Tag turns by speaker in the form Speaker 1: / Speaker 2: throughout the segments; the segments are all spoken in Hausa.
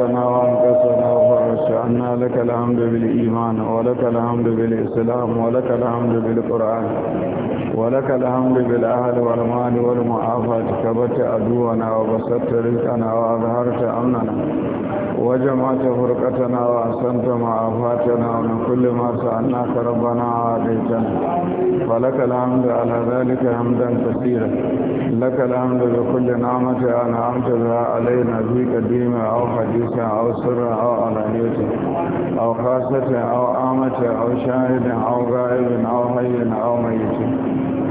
Speaker 1: ربنا وانكسنا وفرش عنا لك الحمد بالإيمان ولك الحمد بالإسلام ولك الحمد بالقرآن ولك الحمد بالأهل والمال والمعافاة كبت أدونا وبسطت رزقنا وأظهرت أمننا وجمعت فرقتنا وأحسنت معافاتنا ومن كل ما سألناك ربنا وآتيتنا فلك الحمد على ذلك حمدا كثيرا لك الحمد بكل نعمة أنعمت بها علينا في قديم أو حديث سرة أو سرة أو علانية أو خاصة أو عامة أو شاهد أو غائب أو حي أو ميت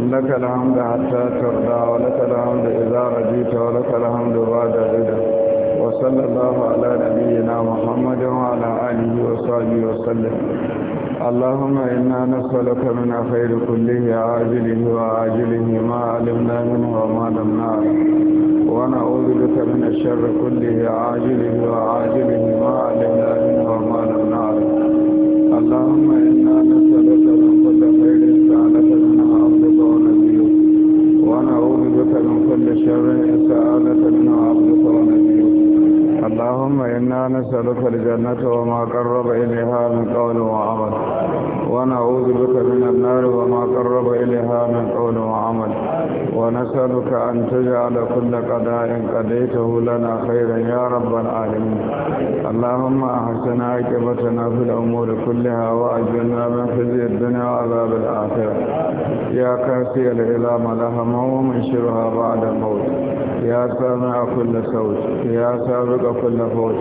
Speaker 1: لك الحمد حتى ترضى ولك الحمد إذا رجيت ولك الحمد بعد رضا وصلى الله على نبينا محمد وعلى آله وصحبه وسلم اللهم إنا نسألك من خير كله عاجله وعاجله ما علمنا منه وما لم نعلم ونعوذ بك من الشر كله عاجله وعاجله ما علمنا منه وما لم نعلم اللهم إنا نسألك نسألك الجنة وما قرب إليها من قول وعمل ونعوذ بك من النار وما قرب إليها من قول ونسألك أن تجعل كل قضاء قضيته لنا خيرا يا رب العالمين اللهم أحسن عاقبتنا في الأمور كلها وأجلنا من خزي الدنيا وعذاب الآخرة يا كاسي العلام لها ومن شرها بعد الموت يا سامع كل صوت يا سابق كل فوت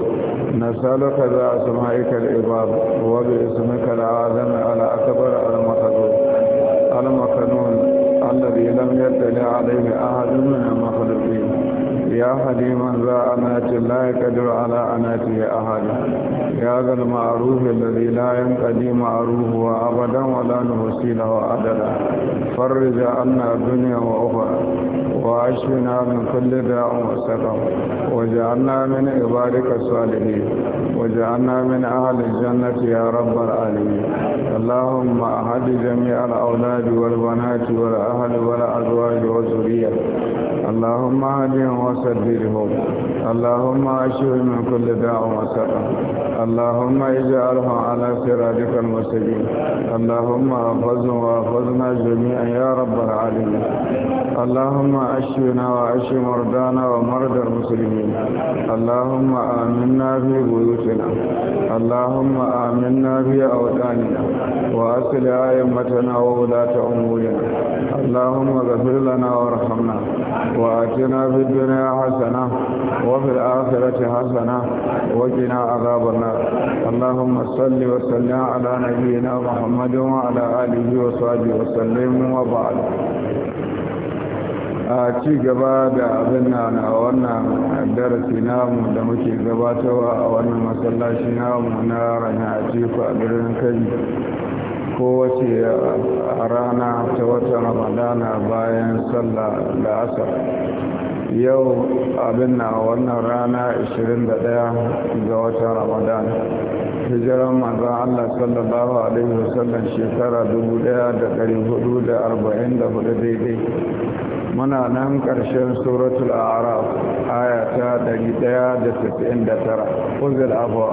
Speaker 1: نسألك بأسمائك العباد وباسمك العظم على أكبر المخلوق المكنون الذي لم يتلع عليه أحد من المخلوقين يا حليما ذا أنات لا يكدر على أناته أحد يا ذا المعروف الذي لا ينقدي معروفه أبدا ولا نحصي له عددا فرج عنا الدنيا وأخرى وعشنا من كل داء وسقم وجعلنا من عبادك الصالحين وجعلنا من أهل الجنة يا رب العالمين اللهم أهد جميع الأولاد والبنات والأهل والأزواج والذرية اللهم أهدهم وسددهم اللهم أشفهم من كل داء وسقم اللهم اجعلهم على صراطك المستقيم اللهم احفظهم واحفظنا جميعا يا رب العالمين اللهم وأشفنا وأشف مرضانا ومرضى المسلمين اللهم آمنا في بيوتنا اللهم آمنا في أوطاننا وأصل أئمتنا وولاة أمورنا اللهم اغفر لنا وارحمنا وآتنا في الدنيا حسنة وفي الآخرة حسنة وقنا عذاب النار اللهم صل وسلم على نبينا محمد وعلى آله وصحبه وسلم وبعد a ci gaba da abin na na wannan darasi namu da muke gabatarwa a wannan masallaci namu na rana a jefa birnin kai kowace rana ta wata ramadana bayan sallah da asar yau abin na wannan rana 21 ga wata ramadana hijiran manzan allah sallallahu alaihi wasallam shekara 1444 daidai muna nan ƙarshen suratul araf aya ta 199 uzul abuwa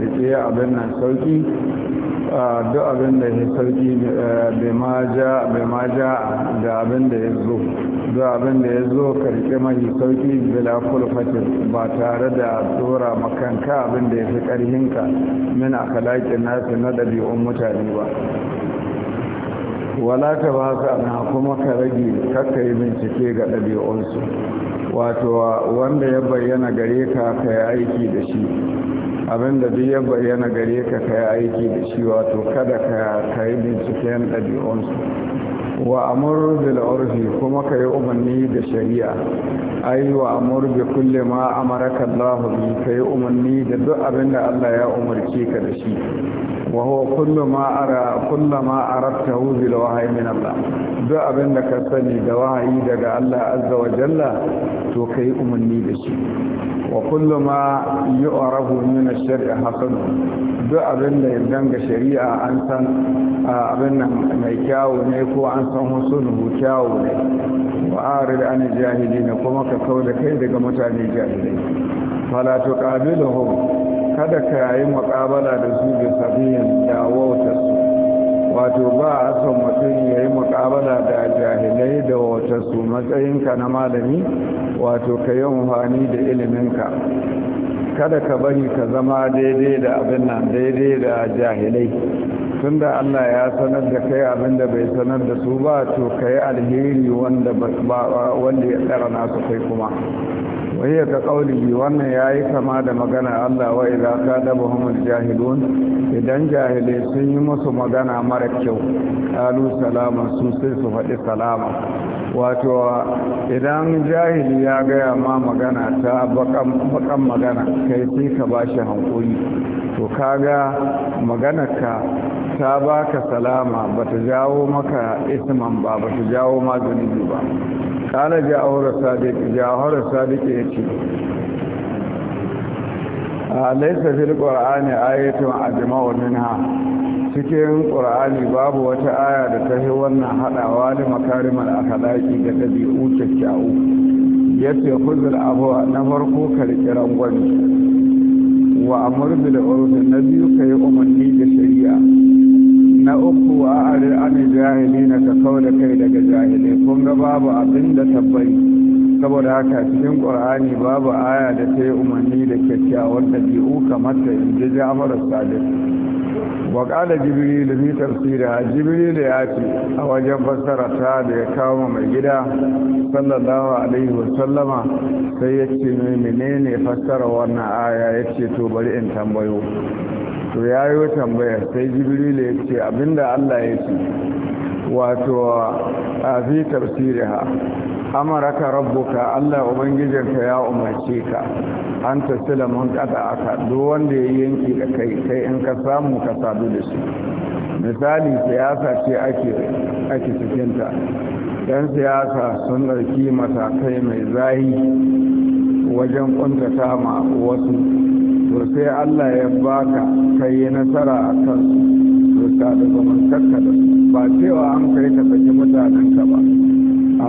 Speaker 1: karfe abin nan sauki duk abin da ya sauki eh, bai ma ja da abin da ya zo duk abin da ya zo karfe mai sauki bila kulfatin ba tare da tsora makanka abin da ya fi karhinka min kalakin nasu na ɗabi'un mutane ba wala ta ba su ana kuma ka rage kakka yi bincike ga ɗabi'unsu wato wanda ya bayyana gare ka ka yi aiki da shi abin da duk ya bayyana gare ka yi aiki da shi wato kada ka yi binciken ɗabi'unsu wa amur bil urfi kuma ka yi umarni da shari'a ai wa amur bi kulli ma amaraka Allah bi ka yi umarni da duk abin da Allah ya umarce ka da shi wa huwa kullu ma ara kullu ma hu bil wahyi min Allah duk abin da ka sani da wahayi daga Allah azza wa jalla to ka yi umarni da shi wa kullu ma yu'rafu min ash-shar'i hasan duk abin da ya danga shari'a an san abin mai kyawu ne ko an san husnuhu kyawu ne wa arid an jahilin kuma ka kauda kai daga mutane jahilai fala tuqabiluhum kada ka yi muqabala da su bi sabiyin da su wato ba a son mutum ya yi mukabala da jahilai da wata su matsayinka na malami wato ka yi amfani da iliminka kada ka bari ka zama daidai da abin nan daidai da jahilai tunda allah ya sanar da kai abin da bai sanar da su ba to ka yi alheri wanda ya tsara nasu kai kuma wahiyar ka ƙauli wannan ya yi kama da magana Allah wa ka kadaba humul jahilun idan jahilai sun yi musu magana mara kyau qalu salama su su faɗi salama wato idan jahili ya gaya ma magana ta bakan magana kai sai ka bashi hankuri to kaga ka ta baka salama bata jawo maka isman ba bata jawo ma zunubi ba kala ja'awar sadiq ja'awar sadiq ya ce a laisa fil qur'ani ayatun ajma'u minha cikin ƙur'ani babu wata aya da ta yi wannan haɗawa da makarimar akhlaqi da dabi'u kyakkyawu yace khuzul afwa na farko karkiran gwani wa amr bil urf na biyu kai umarni da shari'a na uku a arir an jahili na ka kawo da kai daga jahilai kun ga babu abin da tabbai saboda haka cikin ƙur'ani babu aya da ta yi umarni da kyakkyawan ɗabi'u kamar ta in ji jami'ar sadis wa ƙala jibrilu fi tafsira jibrilu ya ce a wajen fassara ta da ya kawo mai gida sallallahu alaihi wa sallama sai ya ce menene fassara wannan aya ya ce to bari in tambayo to ya yi tambaya sai jibrilu ya ce abinda allah ya ce wato a fi tafsiri ha amaraka rabbuka allah ubangijinka ya umarci ka an tasila mun kada aka duk wanda ya yanki da kai kai in ka samu ka sadu da shi misali siyasa ce ake cikinta yan siyasa sun ɗauki matakai mai zahi wajen ƙuntata ma wasu to sai Allah ya baka kai yi nasara a kan su ka da zaman kakka da ba cewa an kai ka saki mutanen ka ba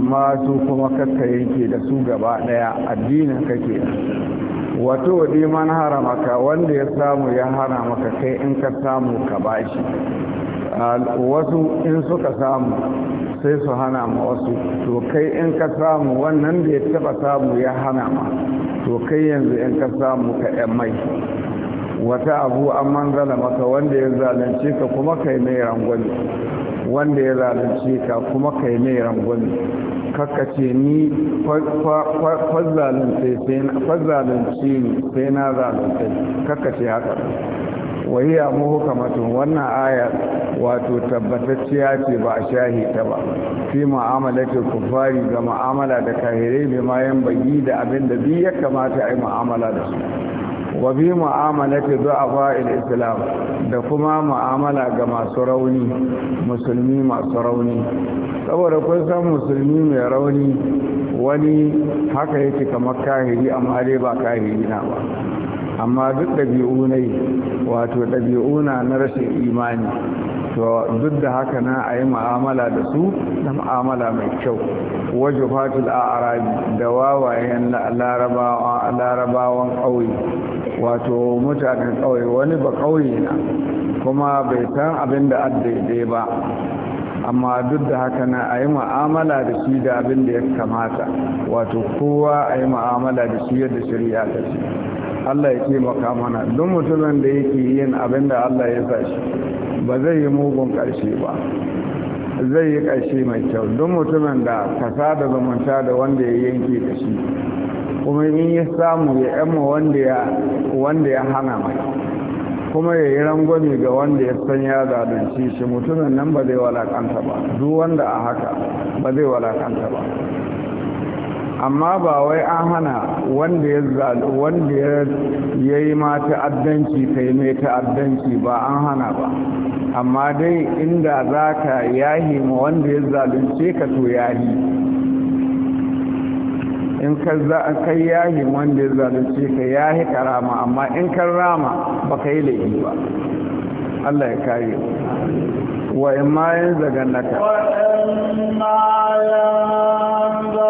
Speaker 1: amma su kuma kakka yake da su gaba daya addinin kake wato wadi man haramaka wanda ya samu ya haramaka kai in ka samu ka bashi wasu in suka samu sai su hana ma wasu to kai in ka samu wannan da ya taba samu ya hana ma to kai yanzu in ka samu ka ɗan mai wata abu an manzala maka wanda ya zalunce ka kuma kai mai rangwani wanda ya zalunce ka kuma kai mai rangwani kakace ni fazzalunce ni sai na zalunce kakace haka wahiya muhukamatun wannan ayar wato tabbatacciya ce ba a shahi ta ba fi mu'amalatul kufari ga mu'amala da kahirai bai ma yan bayi da abin da bi ya kamata a yi mu'amala da su wa bi mu'amalati du'afa islam da kuma mu'amala ga masu rauni musulmi masu rauni saboda kun san musulmi mai rauni wani haka yake kamar kahiri amma dai ba kahiri na ba amma duk ɗabi'u ne wato ɗabi'u na na rashin imani to duk da haka na a yi ma'amala da su na ma'amala mai kyau waje fatul Arabi, da wawayen larabawan ƙauye wato mutanen ƙauye wani ba ƙauye na kuma bai san abin da daidai ba amma duk da haka na a yi ma'amala da shi da abin da ya kamata wato kowa a yi ma'amala da shi yadda shari'a ta ce Allah ya taimaka mana don mutumin da yake yin abin da Allah ya sa shi ba zai yi mugun ƙarshe ba zai yi ƙarshe mai kyau don mutumin da kasa da zumunta da wanda ya yanke da shi kuma in yi samu ya yamma wanda ya hana mai kuma ya yi rangwami ga wanda ya san ya zalunci shi mutumin nan ba zai walakanta ba duk wanda a haka ba zai walakanta ba amma ba wai an hana wanda ya wanda ya yi ma ta'addanci ta yi mai ta'addanci ba an hana ba amma dai inda za ka yahi ma wanda ya zalunce ka to yahi in ka kai yahi wanda ya zalunce ka yahi rama amma in ka rama ba ka yi laifi ba Allah ya kare wa in ma yanzu ganaka wa
Speaker 2: in ma yanzu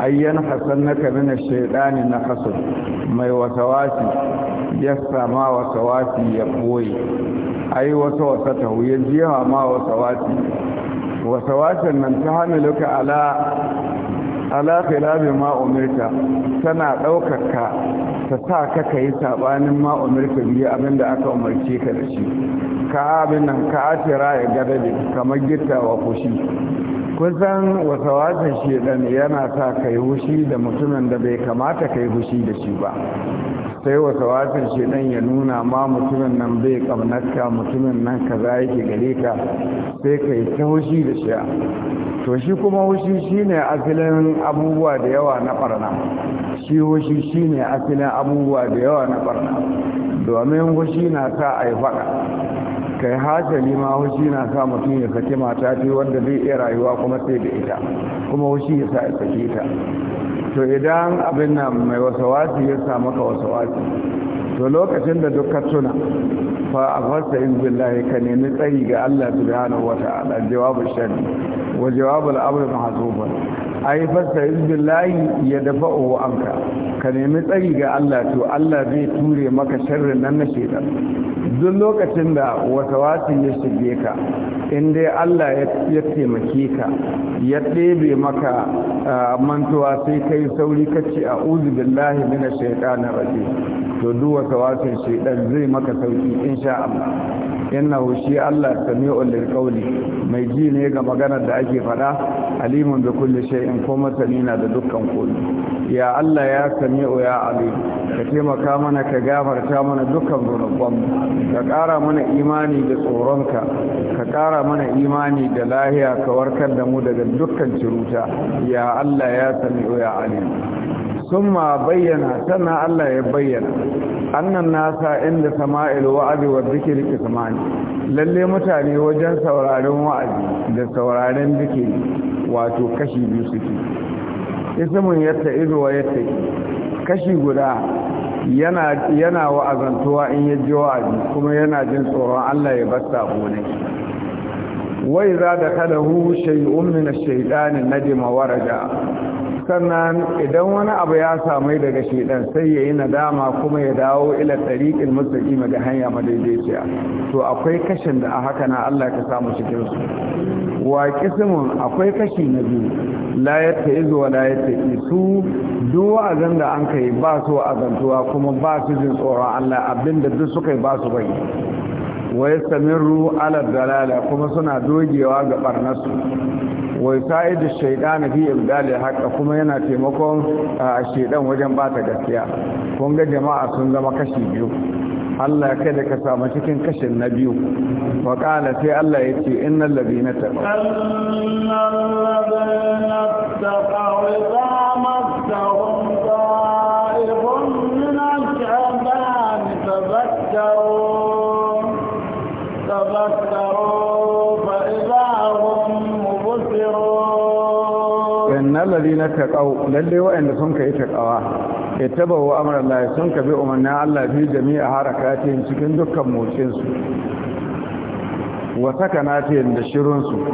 Speaker 1: ayyan hasannaka min ash-shaytani nakasun mai wasawasi ya sama wasawasi ya boye ai wasa wasa ta ya jiya ma wasawasi wasawasin nan ta hamiluka ala ala khilafi ma umirta tana daukar ta sa ka kai sabanin ma umirta bi abinda aka umarce ka da shi ka abin nan ka atira ya gadade kamar gittawa fushi kusan wasawasin shedan yana sa kai hushi da mutumin da bai kamata kai hushi da shi ba sai wasawasin shedan ya nuna ma mutumin nan bai kamnatka mutumin nan kaza yake gare ka sai kai ta hushi da shi to shi kuma hushi shine asalin abubuwa da yawa na barna shi hushi shine asalin abubuwa da yawa na barna domin hushi na sa yi faɗa kai hasali ma hushi na sa mutum ya saki mata ce wanda zai iya rayuwa kuma sai da ita kuma hushi ya sa ya saki ta to idan abin nan mai wasawasi ya sa maka wasawaci to lokacin da duk ka tuna fa a fasta'in billahi ka nemi tsari ga Allah subhanahu ta'ala jawabu sharri wa jawabu jawabul amr yi ai fasta'in billahi ya dafa uwa anka ka nemi tsari ga Allah to Allah zai ture maka sharrin nan na shaitan duk lokacin da wasawasin ya shige ka in dai Allah ya taimake ka ya ɗebe maka mantuwa sai kai sauri kace a'udhu billahi minash shaitanir rajim to duk wasawasin shaitan zai maka sauki in insha Allah hu shi Allah sami'ul lilqawli mai ji ne ga maganar da ake faɗa alimun bi kulli shay'in ko masani na da dukkan komai ya Allah ya sami'u ya Ali? ka taimaka mana ka gafarta mana dukkan zunuban ka ƙara mana imani da tsoronka ka ƙara mana imani da lahiya ka warkar da mu daga dukkan ciruta ya Allah ya sami'u ya Ali. summa bayyana sannan Allah ya bayyana annan nasa inda sama'il wa'adi wa dhikri kismani lalle mutane wajen sauraron wa'azi da sauraron biki wato kashi biyu suke ismin yadda ido wa yadda kashi guda yana yana wa'azantuwa in ya ji wa'azi kuma yana jin tsoron Allah ya basta shi. wai za da kada hu shay'un min ash-shaytan najma waraja sannan idan wani abu ya samai daga shidan sai ya yi nadama kuma ya dawo ila tariqin mustaqima da hanya madaidaiciya to akwai kashin da a haka na Allah ka samu cikin su wa akwai kashi na biyu la izu wa la yatai su duk wa'azan da an kai ba su wa'azantuwa kuma ba su jin tsoron Allah abinda duk suka yi ba su bari Wai yastamirru ala dalala kuma suna dogewa ga barnasu wa shaida shaytan fi ibdalil haka kuma yana taimakon shaytan wajen bata gaskiya kun ga jama'a sun zama kashi biyu Allah da ka samu cikin kashin na biyu wa qala sai Allah yace innal ladina taqaw innal ladina taqaw
Speaker 2: idza
Speaker 1: wallazi na taƙau lalle waɗanda sun kai yi taƙawa ya taba wa sun ka bi umarnin allah fi jami'a harakatin cikin dukkan motsinsu wa sakanatin da su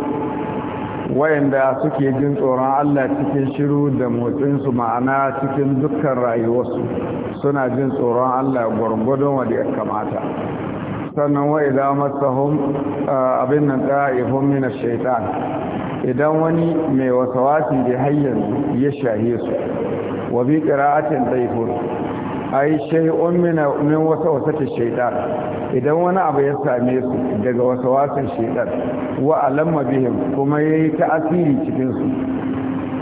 Speaker 1: wa'anda suke jin tsoron allah cikin shiru da motsinsu ma'ana cikin dukkan rayuwarsu suna jin tsoron allah gwargwadon wa da kamata sannan wa idan masahum abin nan ta'ifun min ash-shaytan idan wani mai wasawasi da hanyar ya shahe su wa bi qira'atin dayfur ai shay'un min min wasawasati shaytan idan wani abu ya same su daga wasawasin shaytan wa alamma bihim kuma yayi ta'asiri cikin su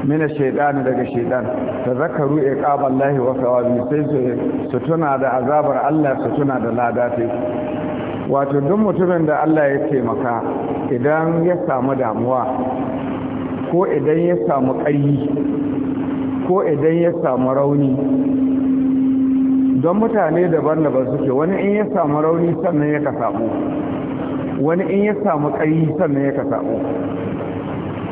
Speaker 1: min shaytan daga shaytan tazakkaru iqaballahi wa sawabi sai su tuna da azabar Allah su tuna da ladatai wato duk mutumin da Allah ya taimaka idan ya samu damuwa ko idan ya samu ƙari ko idan ya samu rauni don mutane daban-daban suke wani in ya samu rauni sannan ya ka samu wani in ya samu ƙari sannan ya ka samu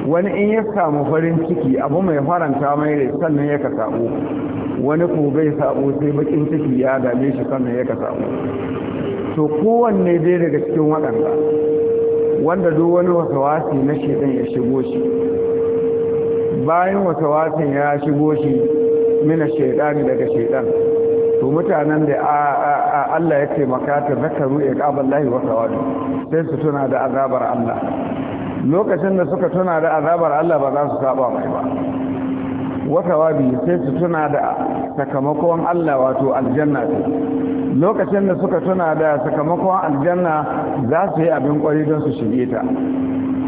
Speaker 1: wani in ya samu farin ciki abu mai faranta mai rai sannan ya ka samu wani ko bai samu sai bakin ciki ya dame shi sannan ya ka samu to kowanne dai daga cikin waɗanda wanda duk wani wasawasi na shekan ya shigo shi bayan wasawasin ya shigo shi mina shekani daga shekan to mutanen da Allah ya taimaka ta zakaru ya ƙabar lahi wasawatu sai su tuna da azabar Allah lokacin da suka tuna da azabar Allah ba za su saba mai ba wasawabi sai su tuna da sakamakon Allah wato aljanna lokacin da suka tuna da sakamakon aljanna za su yi abin kwari don su shige ta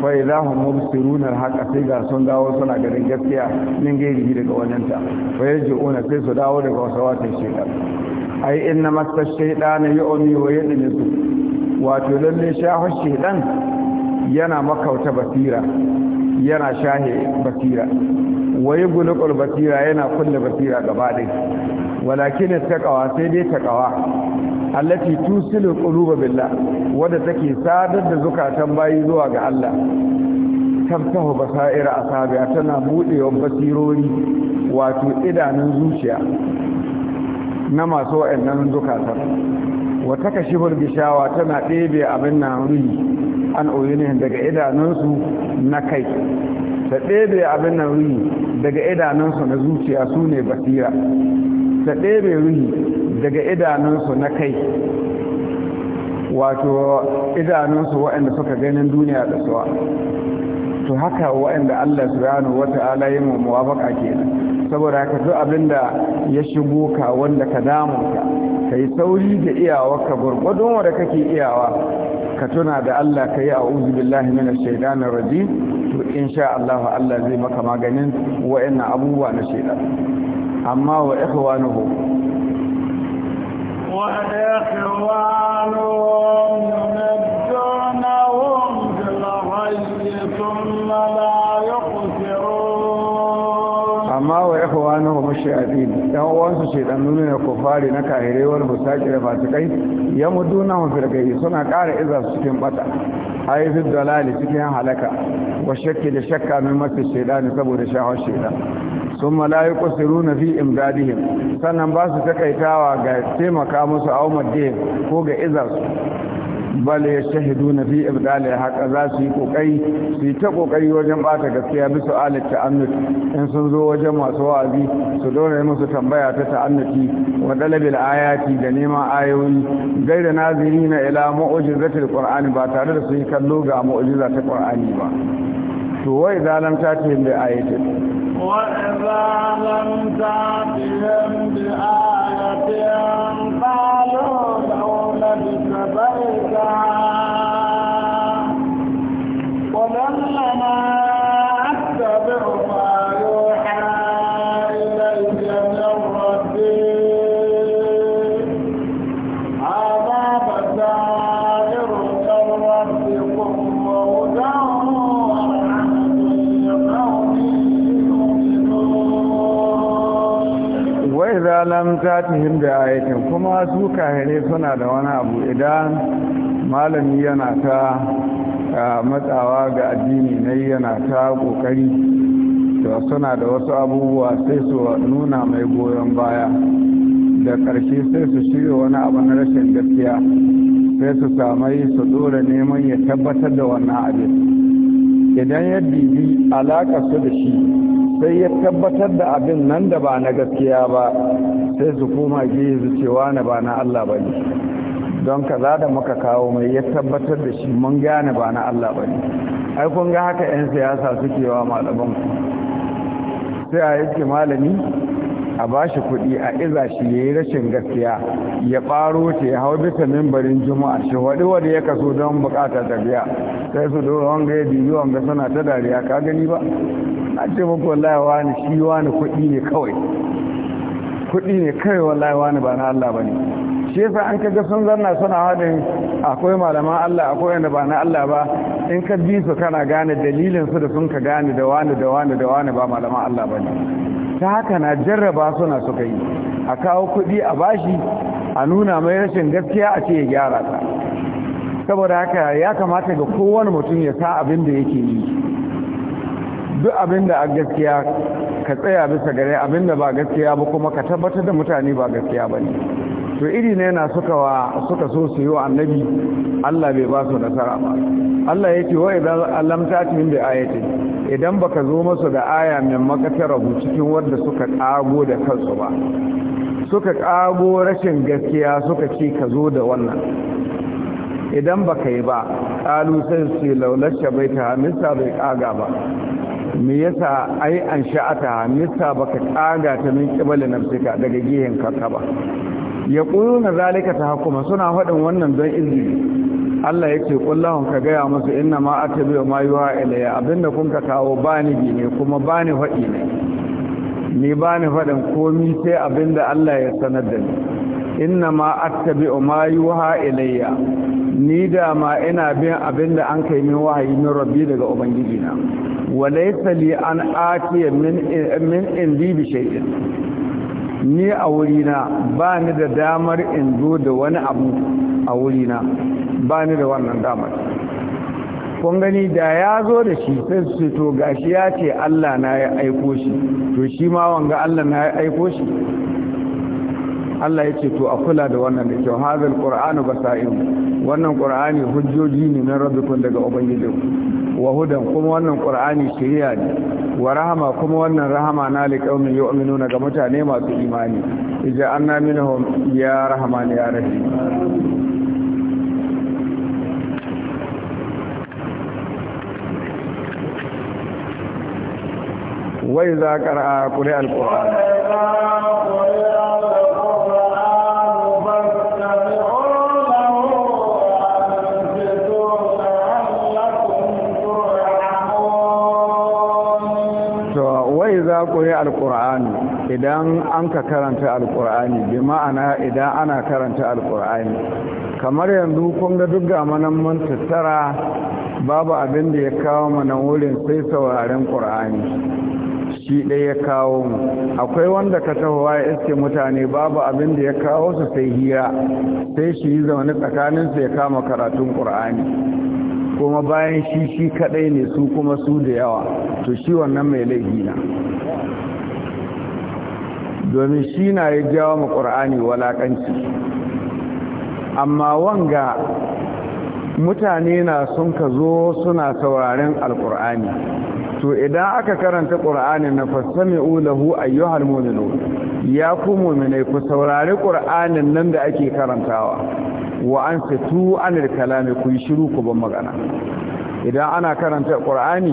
Speaker 1: fai za mu mubsiruna haka sai ga sun dawo suna garin gaskiya min gairi daga ta, fai ona sai su dawo daga wasawatin shekar ai inna masta shaidana yu'mi wa yadnisu wato lalle shahu shaidan yana makauta basira yana shahe basira wayi gulukul basira yana kulle basira gaba ɗin walakin taqawa sai dai taqawa allati tusilu quluba billah wadda take sadar da zukatan bayi zuwa ga Allah tamtahu basaira asabi'a tana buɗewar basirori wato idanun zuciya na masu wa'annan zukatan wata kashifar gishawa tana ɗebe abin na ruhi an oyine daga idanunsu na kai ta ɗebe abin nan ruhi daga idanunsu na zuciya su ne basira ta ɗebe ruhi daga idanunsu na kai wato idanunsu waɗanda suka ganin duniya da suwa to haka waɗanda Allah subhanahu wata'ala ya muwafaka kenan saboda haka abin da ya shigo ka wanda ka damu ka yi sauri da iyawa ka gurgudun wanda kake iyawa ka tuna da Allah ka yi a uzu billahi minash shaidanar rajim su insha Allah Allah zai maka maganin wa'annan abubuwa na shaidan amma wa ikhwanuhu wa ikhwanuhu shayatin yan uwansu shaytanu ne na kufari na kahire wal musaki da fasikai ya muduna na suna ƙara iza su cikin bata ayi fi dalali cikin halaka wa shakki da shakka min masu shaytani saboda shahawar shaidan. sun malayi kusiru na fi imdadihim sannan ba su takaitawa ga taimaka musu a umardihin ko ga izarsu bal yashhaduna fi ibdali haka za su yi kokari su yi ta kokari wajen bata gaskiya bisa alat ta'annut in sun zo wajen masu wa'azi su dora musu tambaya ta ta'annuti wa dalabil ayati da neman ayoyi gaira nazirina ila mu'jizatil qur'ani ba tare da su yi kallo ga mu'jiza ta qur'ani ba to wai zalam ta ce da ayatin wa
Speaker 2: ta ce da ayatin qalu لبث بعيدا
Speaker 1: atihim da ayatin kuma su kahire suna da wani abu idan malami yana ta matsawa ga addini na yana ta kokari to suna da wasu abubuwa sai su nuna mai goyon baya da ƙarshe sai su shirya wani abu na rashin gaskiya sai su samai su dora neman ya tabbatar da wannan abin idan ya bibi alaƙa su da shi sai ya tabbatar da abin nan da ba na gaskiya ba sai su koma gehe su cewa na ba na Allah ba ne don kaza da muka kawo mai ya tabbatar da shi mun gane ba na Allah ba ne ai kun ga haka 'yan siyasa suke wa malaman ku sai a yake malami a ba shi kuɗi a iza shi ya yi rashin gaskiya ya ɓaro ce ya hau bisa mimbarin juma'a shi waɗi waɗi ya kaso don bukata ta sai su dora wanga ya biyu wanga suna ta dariya ka gani ba a ce muku wallahi wani shi wani kuɗi ne kawai kuɗi ne kai wallahi wani ba na Allah bane shi yasa an kaga sun zanna suna hadin akwai malaman Allah akwai wanda ba na Allah ba in ka bi su kana gane dalilin su da sun ka gane da wani da wani da wani ba malaman Allah bane ta haka na jarraba suna suka yi a kawo kuɗi a bashi a nuna mai rashin gaskiya a ce ya gyara ta saboda haka ya kamata ga kowane mutum ya sa abin da yake yi duk abin da a gaskiya ka tsaya bisa gare abinda ba gaskiya ba kuma ka tabbatar da mutane ba gaskiya ba ne to iri ne na suka wa suka so su yi wa annabi Allah bai ba su nasara ba Allah ya ce wa idan ci min da ayati idan baka zo musu da aya min rabu cikin wanda suka kago da kansu ba suka kago rashin gaskiya suka ce ka zo da wannan idan baka yi ba kalu sai su bai ta bai kaga ba me yasa ai an sha'ata misa baka kaga ta min kibali nafsika daga gihin kanka ba ya na zalika ta hakuma suna faɗin wannan don izini Allah ya ce kullahun ka gaya musu inna ma atabi ma yuha ilayya abinda kun ka kawo ba ni ne kuma ba ni faɗi ne ni bani faɗin komi sai abinda Allah ya sanar da ni inna ma attabi'u ma yuha ilayya ni da ma ina bin abinda an kai min wahayi min rabbi daga ubangiji na laysa li an ati min min indi bi shay'in ni a wuri na ba ni da damar in zo da wani abu a wuri na ba ni da wannan damar kun gani da ya zo da shi sai su to gashi ya ce Allah na ya aiko shi to shi ma wanga Allah na ya aiko shi Allah ya ce to a kula da wannan da kyau hazal qur'anu basa'in wannan qur'ani hujjoji ne na rabbikum daga ubangiji wa hudan kuma wannan qur'ani shari'a ne wa rahama kuma wannan rahama na liqaumin yu'minuna ga mutane masu imani anna minhum ya rahman ya rahim wa قرأ qara'a qur'an alkur'ani idan an ka karanta alkur'ani bi ma'ana idan ana karanta alkur'ani kamar yanzu kun ga duk ga manan mun tattara babu abin da ya kawo mana wurin sai sauraren ƙur'ani shi ɗaya ya kawo akwai wanda ka tahowa ya iske mutane babu abin da ya kawo su sai hira sai shi yi zaune tsakaninsu ya kama karatun ƙur'ani kuma bayan shi shi kadai ne su kuma su da yawa to shi wannan mai laifi na domin shi na ya jawo ma ƙur'ani walaƙanci amma wanga mutane na sun ka zo suna sauraren alƙur'ani to idan aka karanta ƙur'ani na fassami ulahu ayyuhal muminu ya ku muminai ku saurari ƙur'anin nan da ake karantawa wa an fitu anil kalami ku yi shiru ku ban magana idan ana karanta qur'ani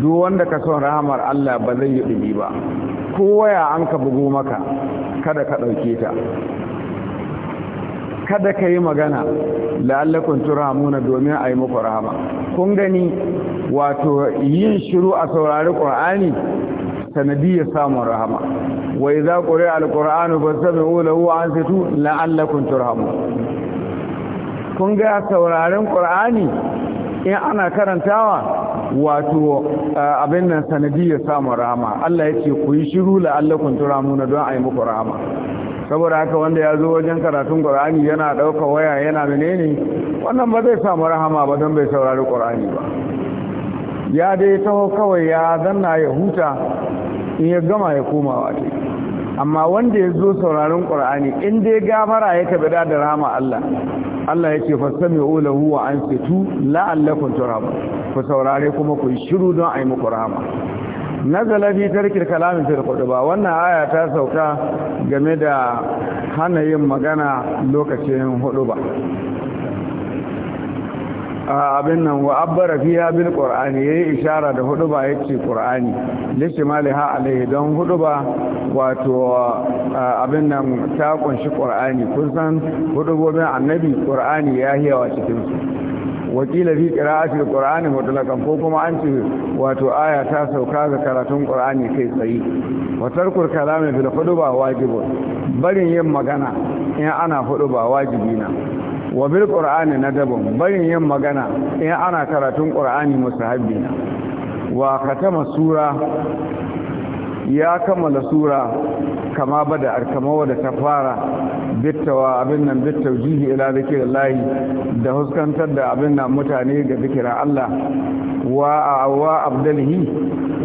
Speaker 1: duk wanda ka son rahamar Allah ba zai yi dumi ba ko waya an ka bugo maka kada ka dauke ta kada ka yi magana la'allakun turamuna domin a yi muku rahama kun gani wato yin shiru a saurari ƙur'ani sanadiyar samun rahama wai za ƙuri al quranu ba sami wa an situ la'allakun turamu kun ga sauraren ƙur'ani in ana karantawa wato eh, abin nan ya samu rahama Allah ya ce ku yi shiru la'allakun turamuna don a yi muku rahama saboda haka wanda ya zo wajen karatun ƙur'ani yana ɗauka waya yana menene wannan ba zai samu rahama ba don bai saurari ƙur'ani ba ya dai taho kawai ya zanna ya huta in ya gama ya koma ce amma wanda ya zo sauraron ƙur'ani in dai gafara ya kabida da rahama Allah Allah ya ce fasami olahu wa an fitu la'allakun turama ku saurare kuma ku shiru don a yi muku rahama nazala fi tarkil kalamin fil ba wannan aya ta sauka game da hana yin magana lokacin huduba abin nan wa abbara bil qur'ani yayi ishara da hudu ba yace qur'ani lishimali ha alaihi don hudu ba wato abin nan ta kunshi qur'ani kun san hudu gobin annabi qur'ani ya hiyawa cikin su wakila fi qira'ati alqur'ani kan ko kuma an ce wato aya ta sauka ga karatun qur'ani kai tsaye wa tarkul kalamin fil hudu ba wajibun barin yin magana in ana hudu ba wajibi na wa bil qur'ani nadabun barin yin magana in ana karatun qur'ani musahabi wa khatama sura ya kammala sura kama bada arkama wada ta fara bittawa abin nan bittaujihi ila zikirin da huskantar da abin nan mutane ga zikira Allah wa wa abdalhi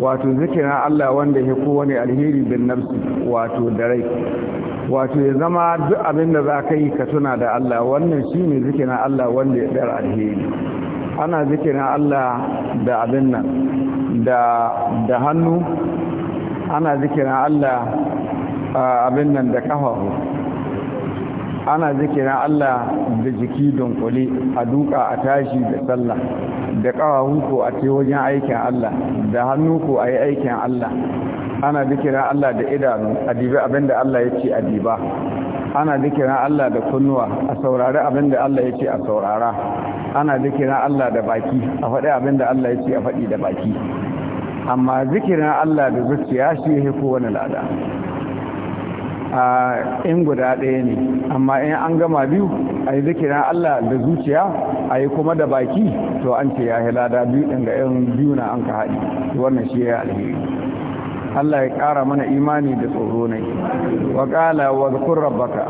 Speaker 1: wato zikira Allah wanda ya kowane alheri bin nafsi wato da rai wato ya zama duk abin da za ka yi ka tuna da Allah wannan shi ne zikina Allah wanda ya ɗar alheri ana zikina Allah da abin nan da hannu ana zikina Allah abin nan da ƙafafu ana zikirin Allah da jiki dunkule a duka a tashi da sallah da ƙawahu ko a ce wajen aikin Allah da hannu ko a yi aikin Allah ana zikirin Allah da idanu a dibi abinda Allah ya ce a diba ana zikirin Allah da kunnuwa a saurari abinda Allah ya ce a saurara ana zikirin Allah da baki a faɗi abinda Allah ya ce a faɗi da baki amma zikirin Allah da zuciya shi ya kowane lada in guda ɗaya ne amma in an gama biyu a yi zikirin Allah da zuciya a yi kuma da baki to an ce ya lada biyu ɗin ga yan biyu na an ka haɗi wannan shi ya alheri Allah ya ƙara mana imani da tsoro ne wa ƙala wa zukun rabbaka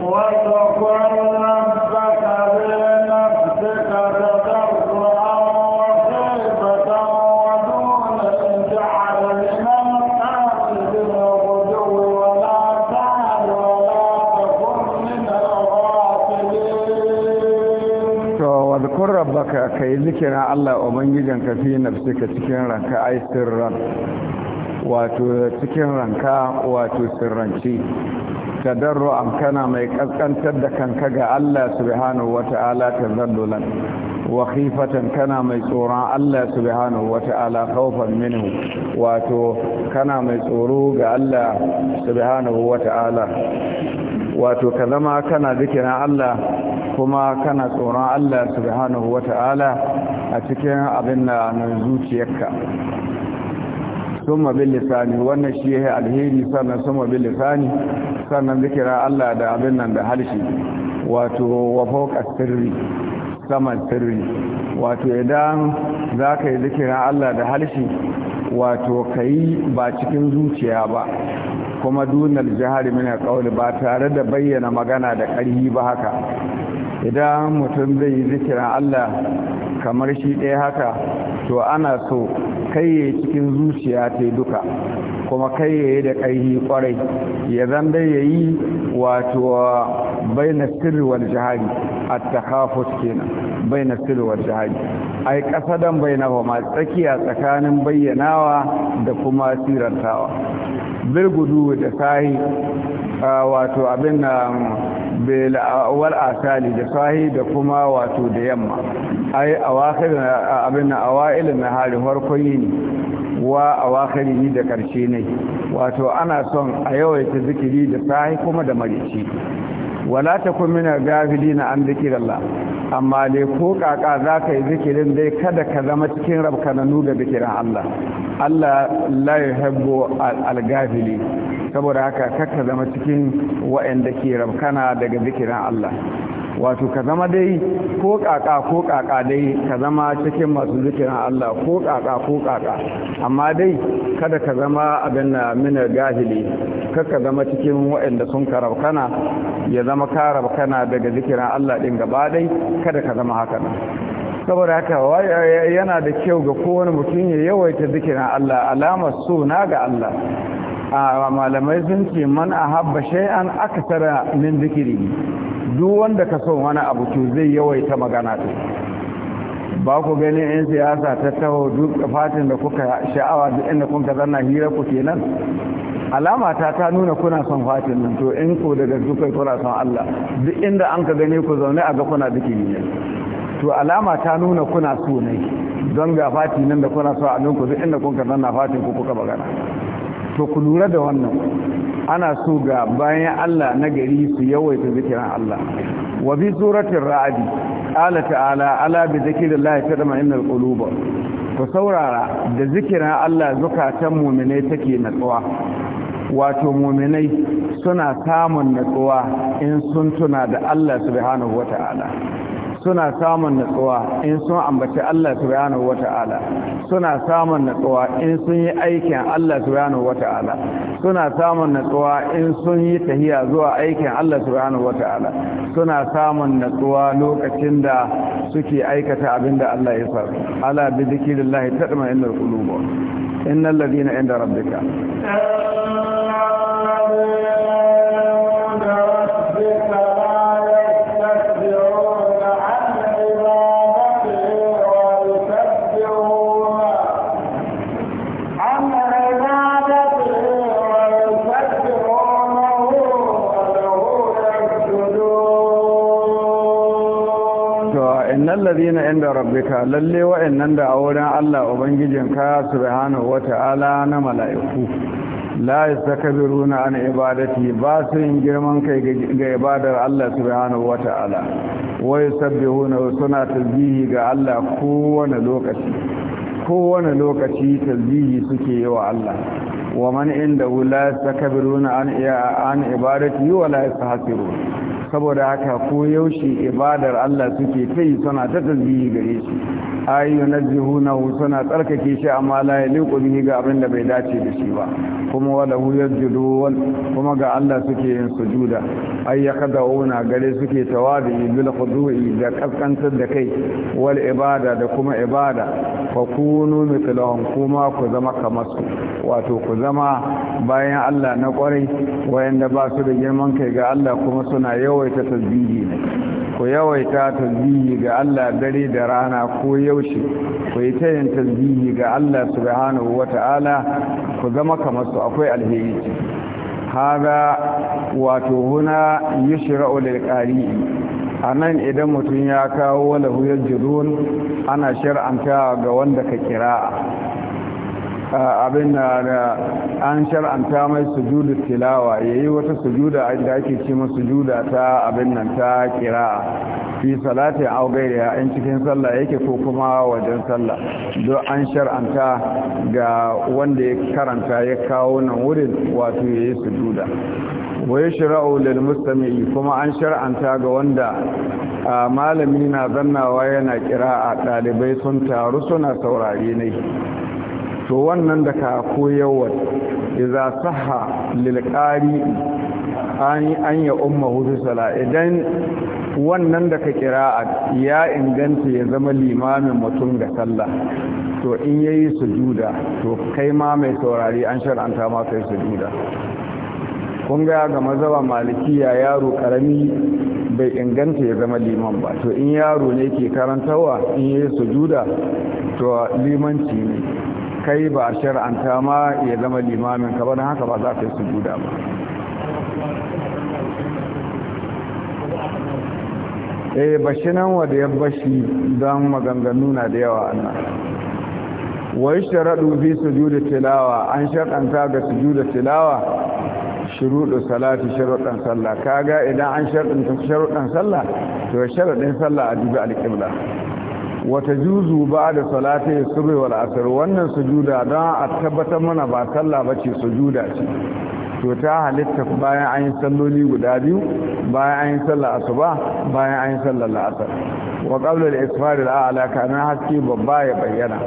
Speaker 2: wa zakur rabbaka bi nafsika
Speaker 1: yi zikirin Allah Ubangijin ka fi nafsika cikin ranka ai sirran wato cikin ranka wato sirranci an kana mai kaskantar da kanka ga Allah subhanahu wata'ala tazallulan wa khifatan kana mai tsoron Allah subhanahu wata'ala khawfan minhu wato kana mai tsoro ga Allah subhanahu wata'ala wato ka zama kana zikirin Allah kuma kana tsoron Allah subhanahu ta’ala a cikin abin da na zuciyarka summa bil lisani wannan shi ya alheri sannan summa bil lisani sannan zikira Allah da abin nan da harshe wato wa fawqa sirri saman sirri wato idan zaka yi zikira Allah da harshe wato kai ba cikin zuciya ba kuma dunar jihar mina kauli ba tare da bayyana magana da ƙarfi ba haka idan mutum zai yi zikirin Allah kamar shi ɗaya haka to ana so kai cikin zuciya ta duka kuma kai da ƙarfi ƙwarai ya zan dai ya yi wato bai na sirriwar jihari a takafus kenan bai na sirriwar jihari ai don bai na homa tsakiya tsakanin bayyanawa da kuma sirantawa birgudu da sahi wato abin na um, belawar asali da sahi da kuma wato da yamma ai awakir abin na awailin na hari farkon ne wa awakiri ni da karshe ne wato ana son a yawaita zikiri da sahi kuma da marici wala na min na an zikrillah amma dai ko kaka za ka yi zikirin dai kada ka zama cikin na nuna zikirin Allah Allah la yuhibbu al-gafili saboda haka kaka zama cikin waɗanda ke rabkana daga zikirin Allah wato ka zama dai ko kaka ko kaka dai ka zama cikin masu zikirin Allah ko kaka ko kaka amma dai kada ka zama abin na mina gahili kar ka zama cikin waɗanda sun karabkana ya zama karabkana daga zikirin Allah ɗin gaba dai kada ka zama haka nan saboda haka yana da kyau ga kowane mutum ya yawaita zikirin Allah alamar suna ga Allah a malamai sun ce man a habba shay'an aksara min zikiri duk wanda ka son wani abu to zai yawaita magana ta. ba ku gani yan siyasa ta taho duk fatin da kuka sha'awa duk inda kun ka zanna hira ku kenan alama ta ta nuna kuna son fatin nan to in ku daga dukai kuna son Allah duk inda an ka gani ku zaune a ga kuna zikiri ne to alama ta nuna kuna so ne don ga fati nan da kuna so a nan ku duk inda kun ka zanna fatin ku kuka magana to ku lura da wannan ana so ga bayan Allah na gari su yawaita zikiran Allah wa bi suratul ra'd qala ta'ala ala bi zikrillahi tatma'innul quluba to saurara da zikiran Allah zukatan mu'minai take natsuwa wato mu'minai suna samun natsuwa in sun tuna da Allah subhanahu wata'ala suna samun natsuwa in sun ambaci Allah subhanahu wata'ala suna samun natsuwa in sun yi aikin Allah subhanahu wata'ala suna samun natsuwa in sun yi tahiya zuwa aikin Allah subhanahu wata'ala suna samun natsuwa lokacin da suke aikata abinda Allah ya sa ala bi zikrillah tatma'innul qulub innal ladina inda rabbika inda rabbika lalle wa'annan da a wurin Allah ubangijinka subhanahu wata'ala na mala'iku la yastakbiruna an ibadati ba su yin girman kai ga ibadar Allah subhanahu wata'ala wa yusabbihuna suna tasbihi ga Allah kowane lokaci kowane lokaci tasbihi suke yi wa Allah wa man inda la yastakbiruna an ibadati wa la yastahsiruna saboda haka ko yaushe ibadar Allah suke ta yi suna ta tasbihi gare shi ay yunazzihuna suna tsarkake shi amma la yaliqu bihi ga abinda bai dace da shi ba kuma wala hu yajudun kuma ga Allah suke yin sujuda ay yakadauna gare suke tawabi bil khudu'i da kaskantar da kai wal ibada da kuma ibada fa kunu mithlahum kuma ku zama kamar su wato ku zama bayan Allah na kwarai wayanda ba su da girman kai ga Allah kuma suna yawaita tasbihi ne ku yawaita tasbihi ga Allah dare da rana ko yaushe ku yi tayin tasbihi ga Allah subhanahu wata'ala ku zama kamar su akwai alheri haga wato huna yushra'u lil qari'i a idan mutum ya kawo lahu yajrun jirun ana shar'anta ga wanda ka kira abin da an shar'anta mai sujudu tilawa ya yi wata sujuda da ake ce sujuda ta abin nan ta kira'a fi salati aw gairiha in cikin sallah yake ko kuma wajen sallah don an shar'anta ga wanda ya karanta ya kawo nan wurin wato ya yi sujuda waye shira'u lil mustami kuma an shar'anta ga wanda malami na zannawa yana a dalibai sun taru suna saurare ne to wannan da ka koyarwar iza saha lilƙari an ya umma hudu sala idan wannan da ka a ya inganta ya zama limamin mutum da sallah to in ya yi sujuda to kai ma mai saurari an shar'anta ma kai sujuda kun ga ga mazaba malikiya yaro karami bai inganta ya zama liman ba to in yaro ne ke karantawa in ya yi sujuda to limanci ne kai ba a shar'anta ma ya zama limamin ka ba haka ba za ka yi su sujuda ba eh bashi nan wa da ya bashi don maganganu na da yawa annan wa yi sharaɗu su sujuda tilawa an shar'anta ga su sujuda tilawa shirudu salati sharuɗan sallah kaga idan an sharuɗan sallah to sharuɗin sallah a dubi alƙibla wata juzu ba da salata ya wal asar wannan sujuda don a tabbatar mana ba sallah ba ce sujuda ce to ta halitta bayan an yi salloli guda biyu bayan an yi sallah asuba bayan an yi sallah la'asar wa qabla al-isfar al-a'la kana haske babba ya bayyana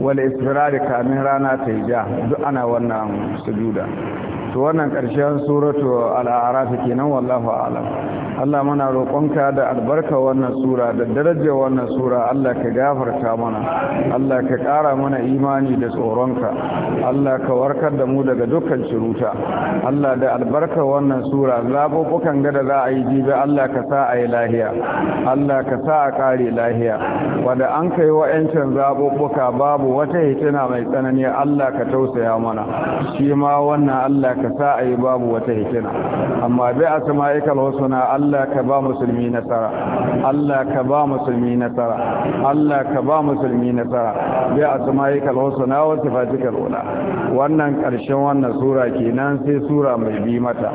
Speaker 1: wal isfirar kamin rana ta ja duk ana wannan sujuda to wannan ƙarshen suratu al'araf kenan wallahu a'lam Allah mana roƙonka da albarka wannan sura da darajar wannan sura Allah ka gafarta mana Allah ka ƙara mana imani da tsoronka Allah ka warkar da mu daga dukkan ciruta Allah da albarka wannan sura zaɓuɓɓukan gada za a yi jibi Allah ka sa a yi lahiya Allah ka sa a ƙari lahiya wanda an kai wa'yancin zaɓuɓɓuka babu wata hitina mai tsanani Allah ka tausaya mana shi ma wannan Allah ka sa a yi babu wata hikima amma bi asma'ikal husna Allah ka ba musulmi nasara Allah ka ba musulmi nasara Allah ka ba musulmi nasara bi asma'ikal husna wa sifatikal ula wannan karshen wannan sura kenan sai sura mai bi mata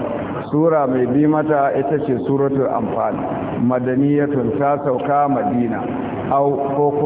Speaker 1: sura mai bi mata ita ce suratul amfani madaniyatun ta sauka madina au ko